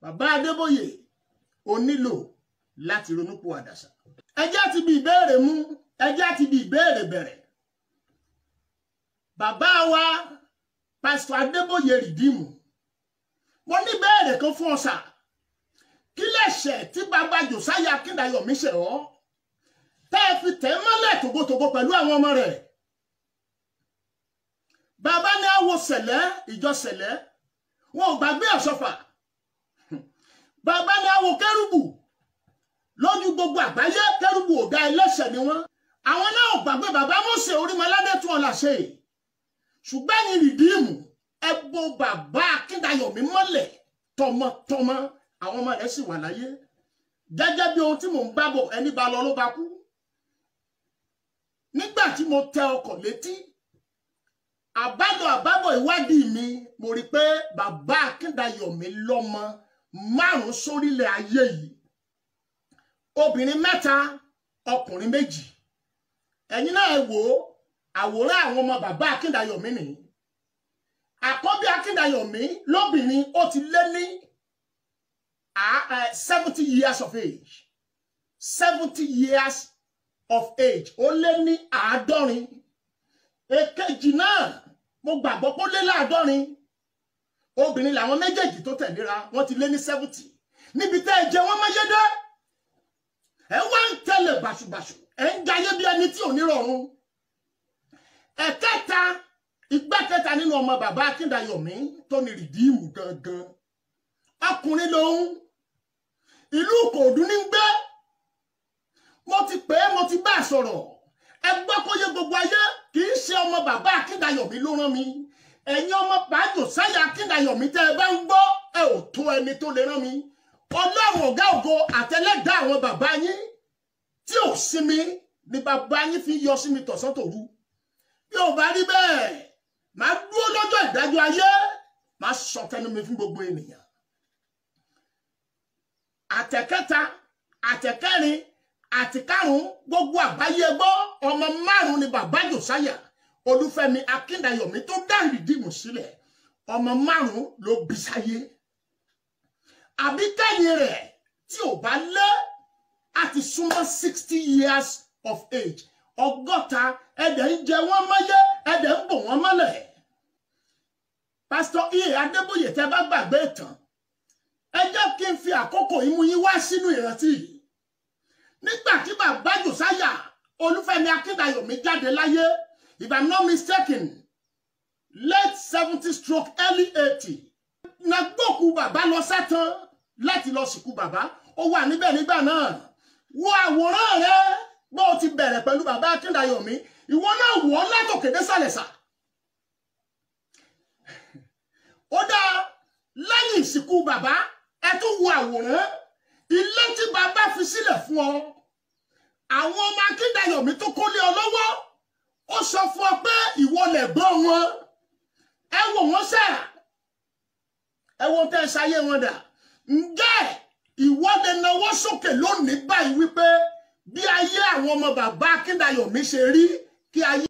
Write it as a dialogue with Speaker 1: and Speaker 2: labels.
Speaker 1: bàbá adébóyè ó nílò láti ronúpò àdàsà ẹjẹ́ ti bí ìbéèrè mú ẹjẹ́ ti bí ìbéèrè bẹ̀rẹ̀ bàbá wa pásítọ̀ adébóyè rìdíìmù mo ní béèrè kan fún ọ̀sà kí lẹ̀ṣẹ̀ tí bàbá jòsáyà akíndayọ̀mí ṣẹ̀ ọ́ fi tẹ̀ mọ́lẹ̀ tògótògó pẹ̀lú àwọn ọmọ rẹ̀ bàbá ní àwo sẹ̀lẹ̀ ìjọ sẹ̀lẹ̀ wọn ò gbàgbé ọ̀ṣọ́fà bàbá ní àwo kẹrùbù lójú gbogbo àgbáyé kẹrùbù ọ̀gá ẹlẹ́ṣẹ̀ ni wọ́n àwọn náà ò gbàgbé bàbá Mósè Orímọládé tún ọ̀la ṣe ṣùgbọ́n ní rìdíìmù ẹ bo bàbá Akíndayọ̀ mi mọ́lẹ̀ tọmọtọmọ àwọn ọmọ rẹ̀ sì wà láyé gẹ́gẹ́ bí ohun tí mò ń bá bọ̀ ẹni bá lọ ló bá kú nígbà tí mo tẹ ọkọ̀ létí àbálọ àbábọ̀ ìwádìí mi mo rí i pé bàbá Akíndayọ̀ mi lọ́mọ márùn-ún sórílẹ̀ ayé yìí obìnrin mẹ́ta ọkùnrin méjì ẹ̀yin náà wò ó àwòrán àwọn ọmọ bàbá Akíndayọ̀ mi nìyí àkọ́bí Akíndayọ̀ mi lóbìnrin ó ti lé ní ah, eh, seventy years of age seventy years of age ó lé ní àádọ́rin èkejì náà mo gbàgbọ́ pé ó lé láàádọ́rin obìnrin làwọn méjèèjì tó tẹ̀léra wọ́n ti lé ní seventy níbi tẹ́ ẹ jẹ wọ́n máyédé ẹ wá ń tẹ̀lé bàṣubàṣu ẹ ń jayé bí ẹni tí ò ní rọrùn ẹ̀kẹta ìgbà kẹta nínú ọmọ bàbá Akíndayọ̀mí tó ní rìdíìmù gangan ọkùnrin lòun ìlú Ìkòròdú ní gbé mo ti pè é mo ti bá a sọ̀rọ̀ ẹgbẹ́ kó yé gbogbo ayé kì í ṣe ọmọ bàbá akíndayọ̀mí ló rán mi ẹ̀yin ọmọ bàájò sáyà akíndayọ̀mí tẹ́ ẹ bá ń gbọ́ ẹ ò tó ẹni tó lè rán mi ọlọ́run ọ̀gá ògo àtẹlẹ́gbẹ́ àwọn bàbá yín tí ò sinmi ni bàbá yín fi yọ sí mi tọ̀sán tòru bí ò bá rí bẹ́ẹ̀ màá dúró lọ́jọ́ ìdájọ́ ayé màá sọ tẹnu mi fún gbogbo ènìyàn àtẹ̀kẹta àtẹ̀kẹrin àti karùn-ún gbogbo àgbáyé gbọ́ ọmọ márùn-ún ni bàbá jòsáyà olúfẹ́mi akíndayọ̀mí tó dá rìdíìmù sílẹ̀ ọmọ márùn-ún ló bí sáyé àbí tẹ̀yìn rẹ̀ tí ò bá lé àti súnmọ́ sixty years of age ọgọ́ta ẹ̀dẹ̀ ń jẹ wọ́n mọ́yé ẹ̀dẹ̀ ń bò wọ́n mọ́lẹ̀ pásítọ̀ iye adébóyè tẹ́ bá gbàgbé ìtàn ẹ jẹ́ kí n fi àkókò ìmú yín wá sínú ìrántí yìí Olufemi olúfẹ́mi akíndayọ̀mí jáde láyé if i'm not mistaken late seventy stroke early 80 na gbòkú bàbá lọ sẹ́tàn láti lọ sìnkú bàbá ó wà níbẹ̀ nígbà na. wo àwòrán rẹ bó o ti bẹ̀rẹ̀ pẹ̀lú bàbá akíndayọ̀mí ìwọ náà wọ̀ ọ́ látòkè désàlẹ̀ sà ó dáa lẹ́yìn ìsìnkú bàbá ẹ tún wo àwòrán ilé tí bàbá fi sílẹ̀ fún ọ àwọn ọmọ akíndayọ̀mí tó kólé ọ lọ́wọ́ ó sọ fún ọ pé ìwọ lẹ̀gbọ́n wọn ẹ wò wọ́n sà ẹ wo tẹ́ ẹ ṣayé wọn dà ǹjẹ́ ìwọ lè nawọ́ sókè lónìí báyìí wípé bí ayé àwọn ọmọ bàbá akíndayọ̀mí ṣe rí kí ayé